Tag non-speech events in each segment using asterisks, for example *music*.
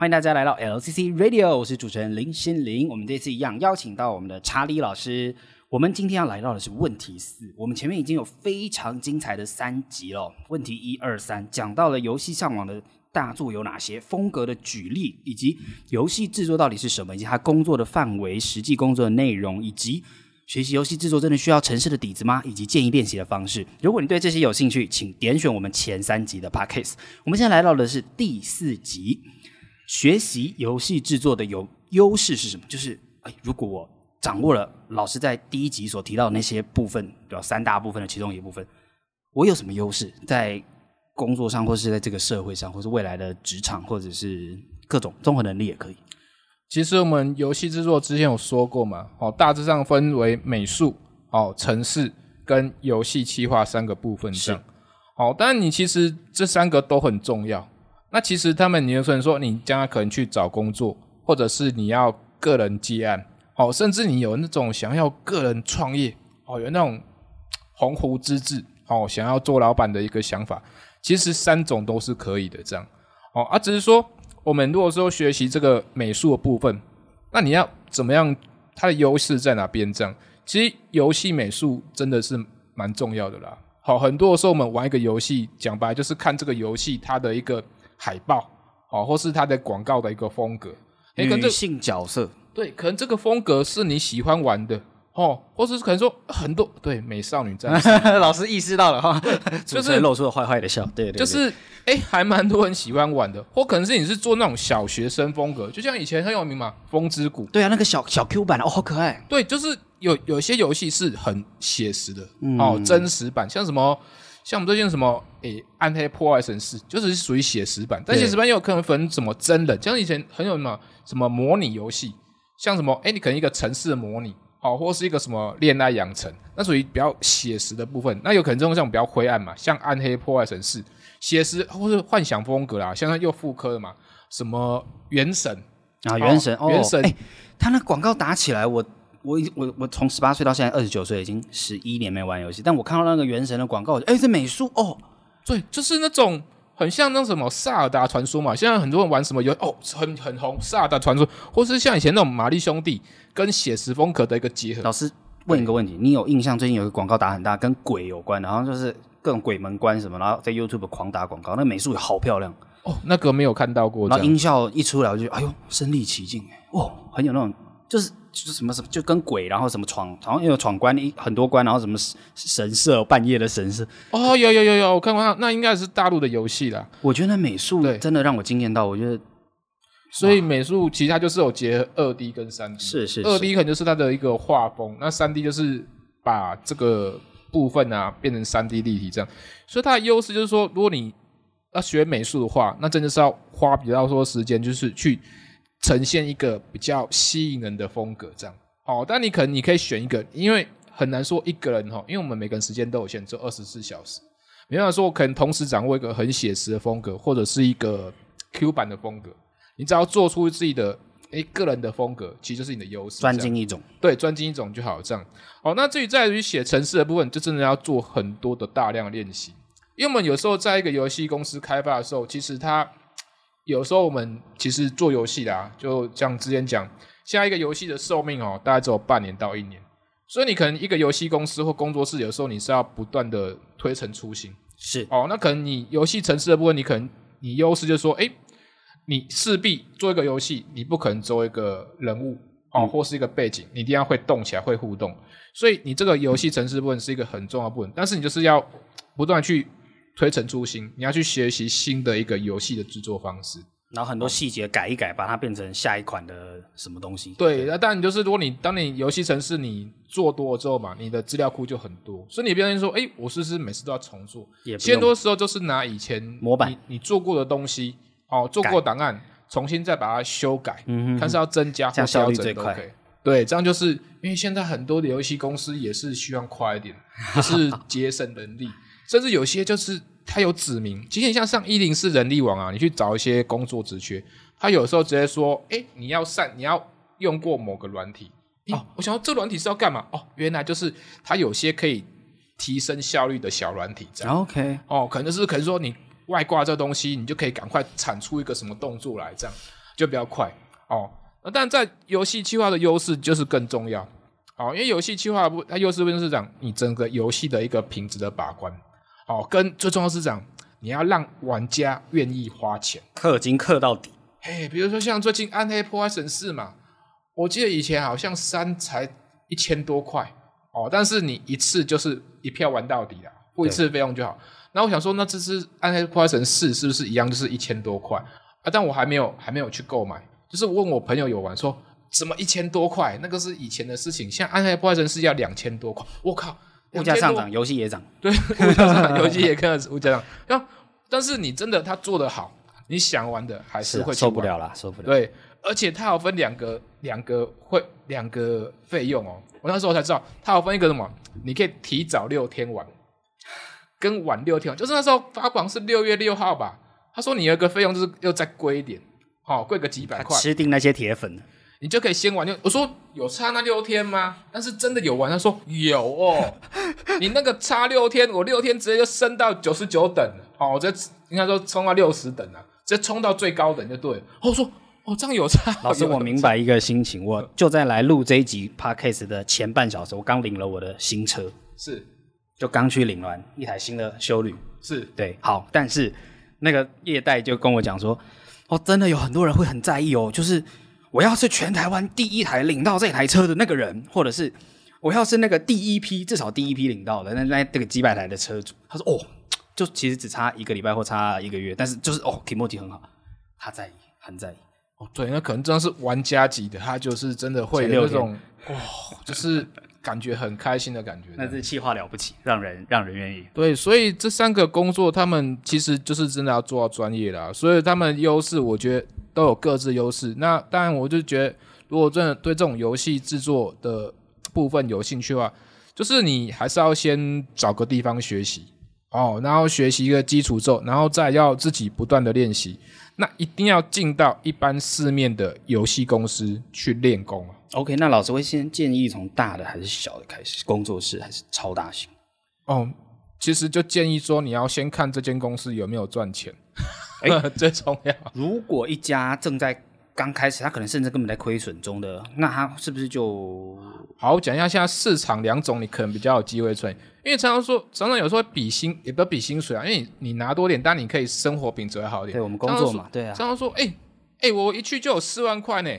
歡迎大家來到 LCC Radio，我是主持人林昕臨。我們這次一樣邀請到我們的查理老師。我們今天要來到的是問題四。我們前面已經有非常精彩的三集了，問題一二三講到了遊戲上網的大作有哪些風格的舉例，以及遊戲製作到底是什麼，以及他工作的範圍、實際工作的內容，以及學習遊戲製作真的需要程式的底子嗎？以及建議練習的方式。如果你對這些有興趣，請點選我們前三集的 Podcast。我們現在來到的是第四集。學習遊戲製作的有優勢是什麼？就是，哎、欸，如果我掌握了老師在第一集所提到的那些部分，比如三大部分的其中一部分，我有什麼優勢？在工作上，或是在這個社會上，或是未來的職場，或者是各種綜合能力也可以。其實我們遊戲製作之前有說過嘛，哦，大致上分為美術、哦，程式跟遊戲企劃三個部分。是。好、哦，但你其實這三個都很重要。那其實他們，你有可能說，你將來可能去找工作，或者是你要個人接案，哦，甚至你有那種想要個人創業，哦，有那種鴻鵠之志，哦，想要做老闆的一個想法，其實三種都是可以的，這樣，哦，啊，只是說我們如果說學習這個美術的部分，那你要怎麼樣？它的優勢在哪邊？這樣。其實遊戲美術真的是蠻重要的啦。好，很多時候我們玩一個遊戲，講白就是看這個遊戲它的一個。海報哦，或是它的廣告的一個風格，欸、女性角色對，可能這個風格是你喜歡玩的哦，或是可能說很多對美少女戰士， *laughs* 老師意識到了哈，就是露出了壞壞的笑，對對，對，就是哎、欸，還蠻多人喜歡玩的，或可能是你是做那種小學生風格，就像以前很有名嘛，《風之谷》對啊，那個小小 Q 版的哦，好可愛，對，就是有有一些遊戲是很寫實的、嗯、哦，真實版，像什麼。像我們最近什麼，誒、欸，暗黑破壞神四，就是屬於寫實版，但寫實版又有可能分什麼真的，對像以前很有什麼什麼模擬遊戲，像什麼，誒、欸，你可能一個城市的模擬，哦，或是一個什麼戀愛養成，那屬於比較寫實的部分，那有可能這種像比較灰暗嘛，像暗黑破壞神四，寫實或是幻想風格啦，現在又復刻了嘛，什麼原神啊，哦、原神，哦、原神，哎、欸，他那廣告打起來我。我已我我從十八歲到現在二十九歲，已經十一年沒玩遊戲。但我看到那個《原神》的廣告，哎、欸，這美術哦，對，就是那種很像那什麼《薩爾達傳說》嘛。現在很多人玩什麼遊哦，很很紅《薩爾達傳說》，或是像以前那種《瑪麗兄弟》跟寫實風格的一個結合。老師問一個問題，你有印象？最近有一個廣告打很大，跟鬼有關，然後就是各種鬼門關什麼，然後在 YouTube 狂打廣告。那美術也好漂亮哦，那個沒有看到過。那音效一出來，我就哎呦，身臨其境哦、欸，很有那種就是。就是什麼什麼就跟鬼，然後什麼闖，好像又有闖關一很多關，然後什麼神社半夜的神社。哦，有有有有，我看過他那應該是大陸的遊戲啦。我覺得那美術真的讓我驚艷到，對我覺得。所以美術其實它就是有結合二 D 跟三 D，哇是是二 D 可能就是它的一個畫風，那三 D 就是把這個部分啊變成三 D 立體這樣。所以它的優勢就是說，如果你要學美術的話，那真的是要花比較多時間，就是去。呈現一個比較吸引人的風格，這樣哦。但你可能你可以選一個，因為很難說一個人哈，因為我們每個人時間都有限，只有二十四小時，沒辦法說我可能同時掌握一個很寫實的風格，或者是一個 Q 版的風格。你只要做出自己的一、欸、個人的風格，其實就是你的優勢。專精一種，對，專精一種就好。這樣哦。那至於在於寫程式的部分，就真的要做很多的大量練習，因為我們有時候在一個遊戲公司開發的時候，其實它。有時候我們其實做遊戲啦，就像之前講，下一個遊戲的壽命哦、喔，大概只有半年到一年，所以你可能一個遊戲公司或工作室，有時候你是要不斷的推陳出新，是哦。那可能你遊戲程式的部分，你可能你優勢就是說，哎、欸，你勢必做一個遊戲，你不可能做一個人物哦，嗯、或是一個背景，你一定要會動起來，會互動。所以你這個遊戲程式的部分是一個很重要的部分，但是你就是要不斷去。推陳出新，你要去學習新的一個遊戲的制作方式，然後很多細節改一改，把它變成下一款的什麼東西。對，那當然就是如果你當你遊戲程式你做多了之後嘛，你的資料庫就很多，所以你不要說哎、欸，我是不是每次都要重做？也，現在多時候就是拿以前你模板你，你做過的東西，哦，做過檔案，改重新再把它修改，嗯但、嗯嗯、看是要增加這樣效率最快、OK。對，這樣就是因為現在很多的遊戲公司也是需要快一點，是節省人力， *laughs* 甚至有些就是。它有指明，其實你像上104人力網啊，你去找一些工作職缺，它有時候直接說，哎，你要善，你要用過某個軟體，哦，哦我想要這軟體是要幹嘛？哦，原來就是它有些可以提升效率的小軟體這樣，OK，哦，可能，就是可能說你外掛這東西，你就可以趕快產出一個什麼動作來，這樣就比較快，哦，但在遊戲企劃的優勢就是更重要，哦，因為遊戲企劃不，它優勢就是講你整個遊戲的一個品質的把關。哦，跟最重要是講，你要讓玩家願意花錢氪金，氪到底。誒，比如說像最近《暗黑破壞神四》嘛，我記得以前好像三才一千多塊哦，但是你一次就是一票玩到底啦，付一次費用就好。那對我想說，那這次《暗黑破壞神四》是不是一樣就是一千多塊啊？但我還沒有還沒有去購買，就是問我朋友有玩說，說怎麼一千多塊？那個是以前的事情，像《暗黑破壞神四》要兩千多塊，我靠！物價上漲，遊戲也漲。對，物價上漲，遊戲也跟着物價漲。但是你真的他做的好，你想玩的還是會去玩，是啊，受不了了，受不了。對，而且它要分兩個、兩個會、兩個費用哦。我那時候才知道，它要分一個什麼，你可以提早六天玩，跟晚六天玩。就是那時候發榜是六月六號吧？他說你那個費用，就是又再貴一點，好、哦、貴個幾百塊。吃定那些鐵粉。你就可以先玩。就我說有差那六天嗎？但是真的有玩。他說有哦， *laughs* 你那個差六天，我六天直接就升到九十九等了哦，我直接應該說衝到六十等了，直接衝到最高等就對了。哦。我說哦，這樣有差。老師，我明白一個心情。我就在來錄這一集 Podcast 的前半小時，我剛領了我的新車，是就剛去領完一台新的休旅，是對。好，但是那個業代就跟我講說，哦，真的有很多人會很在意哦，就是。我要是全台灣第一台領到這台車的那個人，或者是我要是那個第一批，至少第一批領到的那個、那那個幾百台的車主，他說哦，就其實只差一個禮拜或差一個月，但是就是哦，提莫提很好，他在意，很在意哦，對，那可能真的是玩家級的，他就是真的會有一種哇、哦，就是感覺很開心的感覺， *laughs* 那是企劃了不起，讓人讓人願意對，所以這三個工作他們其實就是真的要做到專業的，所以他們優勢，我覺得。都有各自的優勢。那當然，我就覺得，如果真的對這種遊戲製作的部分有興趣的話，就是你還是要先找個地方學習哦，然後學習一個基礎之後，然後再要自己不斷的練習。那一定要進到一般市面的遊戲公司去練功。OK，那老師會先建議從大的還是小的開始？工作室還是超大型？哦。其實就建議說，你要先看這間公司有沒有賺錢，欸，哎，最重要。如果一家正在剛開始，他可能甚至根本在虧損中的，那他是不是就好？我講一下現在市場兩種，你可能比較有機會賺。因為常常說，常常有時候比薪也不要比薪水啊，因為你，你拿多點，但你可以生活品質會好一點。對我們工作嘛，對啊。常常說，哎、欸、哎、欸，我一去就有四萬塊呢，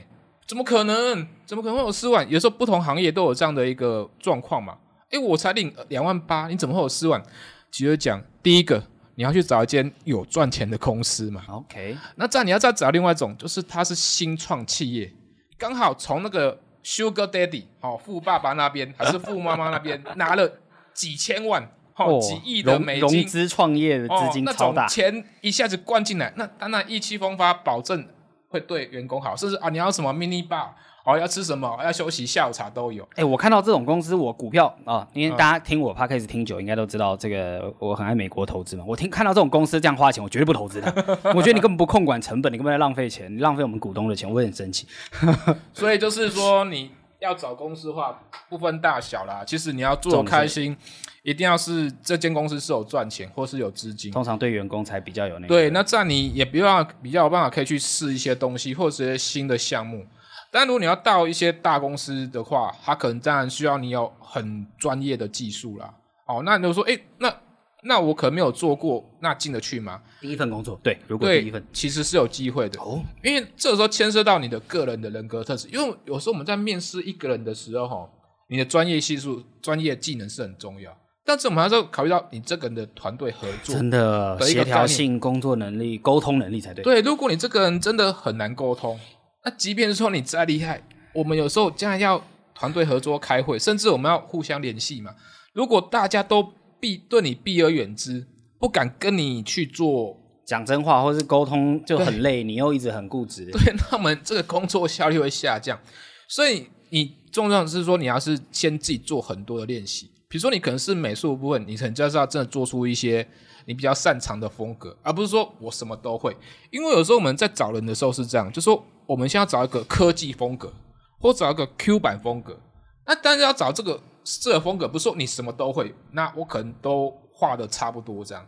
怎麼可能？怎麼可能會有四萬？有時候不同行業都有這樣的一個狀況嘛。哎、欸，我才領兩萬八，你怎麼會有四萬？其實講，第一個你要去找一間有賺錢的公司嘛。OK。那再你要再找另外一種，就是他是新創企業，剛好從那個 Sugar Daddy 哦，富爸爸那邊還是富媽媽那邊 *laughs* 拿了幾千萬哦，哦幾億的美金融融資創業的資金超大，哦，那從錢一下子灌進來，那當然意氣風發，保證會對員工好，甚至啊，你要什麼 mini bar。哦，要吃什麼？要休息，下午茶都有。哎、欸，我看到這種公司，我股票啊、哦，因為大家聽我 podcast 聽久，應該都知道這個。我很愛美國投資嘛，我聽看到這種公司這樣花錢，我絕對不投資的。 *laughs* 我覺得你根本不控管成本，你根本在浪費錢，你浪費我們股東的錢，我也很生氣。 *laughs* 所以就是說，你要找公司的話，不分大小啦。其實你要做開心，事一定要是這間公司是有賺錢，或是有資金，通常對員工才比較有那個。對，那這樣你也比較比較有辦法可以去試一些東西，或者是一些新的項目。但如果你要到一些大公司的話，他可能當然需要你有很專業的技術啦。哦，那你就說，哎，那那我可能沒有做過，那進得去嗎？第一份工作，對，如果第一份，其實是有機會的哦。因為這個時候牽涉到你的個人的人格的特質，因為有時候我們在面試一個人的時候，哈，你的專業技術、專業技能是很重要，但是我們還是要考慮到你這個人的團隊合作一個、真的協調性、工作能力、溝通能力才對。對，如果你這個人真的很難溝通。那即便是說你再厲害，我們有時候將來要團隊合作開會，甚至我們要互相聯繫嘛。如果大家都避對你避而遠之，不敢跟你去做講真話或是溝通，就很累。對你又一直很固執，對，那我們這個工作效率會下降。所以你重要的是說，你要是先自己做很多的練習，比如說你可能是美術部分，你可能就是要真的做出一些你比較擅長的風格，而不是說我什麼都會。因為有時候我們在找人的時候是這樣，就是說，我們先要找一個科技風格，或找一個 Q 版風格。那當然要找這個這個風格，不是說你什麼都會。那我可能都畫的差不多這樣。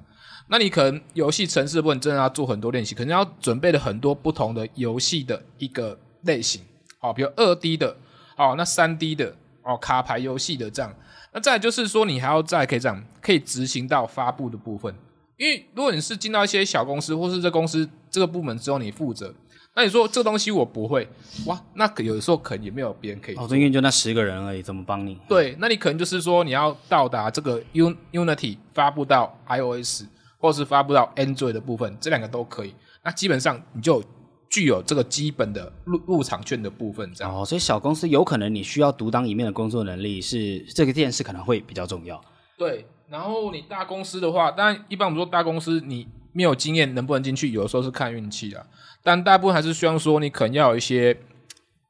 那你可能遊戲程式的部分真的要做很多練習，可能要準備了很多不同的遊戲的一個類型，哦，比如二 D 的，哦，那三 D 的，哦，卡牌遊戲的這樣。那再就是說，你還要再可以這樣，可以執行到發布的部分。因為如果你是進到一些小公司，或是這公司這個部門只有你負責。那你說這個東西我不會，哇，那可有的時候可能也沒有別人可以。哦，中間就那十個人而已，怎麼幫你？對，那你可能就是說你要到達這個 U Unity 發布到 iOS 或是發布到 Android 的部分，這兩個都可以。那基本上你就具有這個基本的入入場券的部分這樣。哦，所以小公司有可能你需要獨當一面的工作能力，是這個這件事可能會比較重要。對，然後你大公司的話，當然一般我們說大公司你。沒有經驗能不能進去？有的時候是看運氣啊。但大部分還是需要說你可能要有一些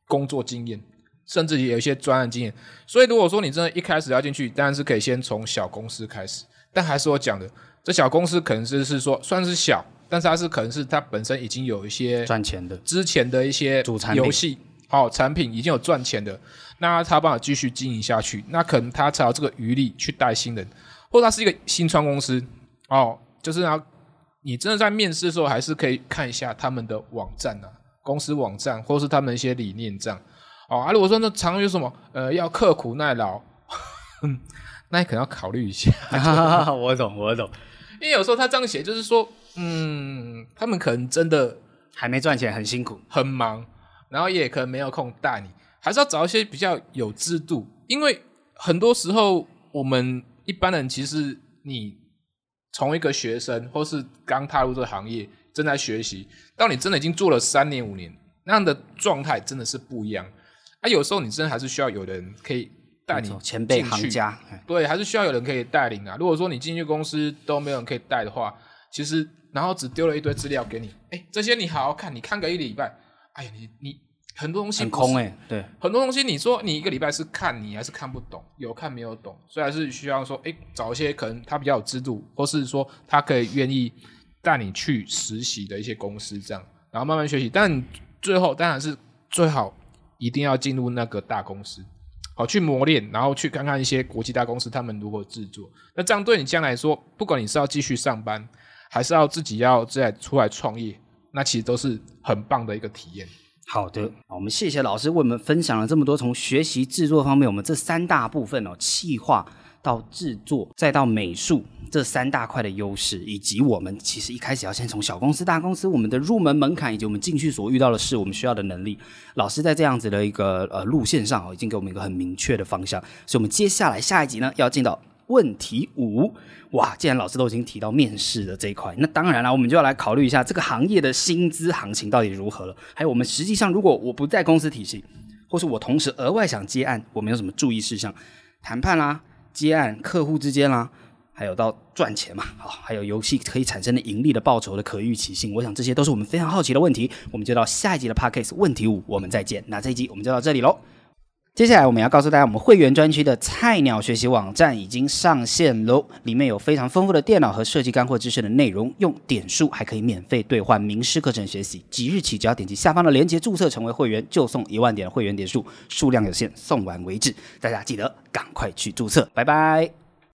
工作經驗，甚至也有一些專案經驗。所以如果說你真的一開始要進去，當然是可以先從小公司開始。但還是我講的，這小公司可能是是說算是小，但是它是可能是它本身已經有一些賺錢的之前的一些遊戲好、哦、產品已經有賺錢的，那它有辦法繼續經營下去。那可能它才有這個餘力去帶新人，或者它是一個新創公司哦，就是要。你真的在面試的時候，還是可以看一下他們的網站啊，公司網站，或是他們一些理念這樣。哦，而、啊、如果說那常有什麼，呃，要刻苦耐勞，那你可能要考慮一下。 *laughs* 我懂，我懂。因為有時候他這樣寫，就是說，嗯，他們可能真的還沒賺錢，很辛苦，很忙，然後也可能沒有空帶你，還是要找一些比較有制度。因為很多時候，我們一般人其實你。從一個學生，或是剛踏入這個行業，正在學習，到你真的已經做了三年、五年那樣的狀態，真的是不一樣。啊，有時候你真的還是需要有人可以帶你進去，前輩行家，對，還是需要有人可以帶領啊。如果說你進去公司都沒有人可以帶的話，其實然後只丟了一堆資料給你，哎，這些你好好看，你看個一禮拜，哎呀，你你。很多東西很空哎，對，很多東西你說你一個禮拜是看你還是看不懂，有看沒有懂，所以還是需要說，哎，找一些可能他比較有制度，或是說他可以願意帶你去實習的一些公司這樣，然後慢慢學習。但最後當然是最好一定要進入那個大公司，好去磨練，然後去看看一些國際大公司他們如何製作。那這樣對你將來說，不管你是要繼續上班，還是要自己要再出來創業，那其實都是很棒的一個體驗。好的好，我們謝謝老師為我們分享了這麼多。從學習製作方面，我們這三大部分哦，企劃到製作再到美術這三大塊的優勢，以及我們其實一開始要先從小公司、大公司，我們的入門門檻以及我們進去所遇到的事，我們需要的能力，老師在這樣子的一個呃路線上哦，已經給我們一個很明確的方向。所以我們接下來下一集呢，要進到。問題五，哇！既然老師都已經提到面試的這一塊，那當然了，我們就要來考慮一下這個行業的薪資行情到底如何了。還有，我們實際上如果我不在公司體系，或是我同時額外想接案，我沒有什麼注意事項、談判啦、接案客戶之間啦，還有到賺錢嘛？好，還有遊戲可以產生的盈利的報酬的可預期性，我想這些都是我們非常好奇的問題。我們就到下一集的 Podcast 問題五，我們再見。那這一集我們就到這裡嘍。接下來我們要告訴大家，我們會員專區的菜鳥學習網站已經上線嘍！裡面有非常豐富的電腦和設計乾貨知識的內容，用點數還可以免費兌換名師課程學習。即日起，只要點擊下方的鏈接註冊成為會員，就送一萬點的會員點數，數量有限，送完為止。大家記得趕快去註冊，拜拜！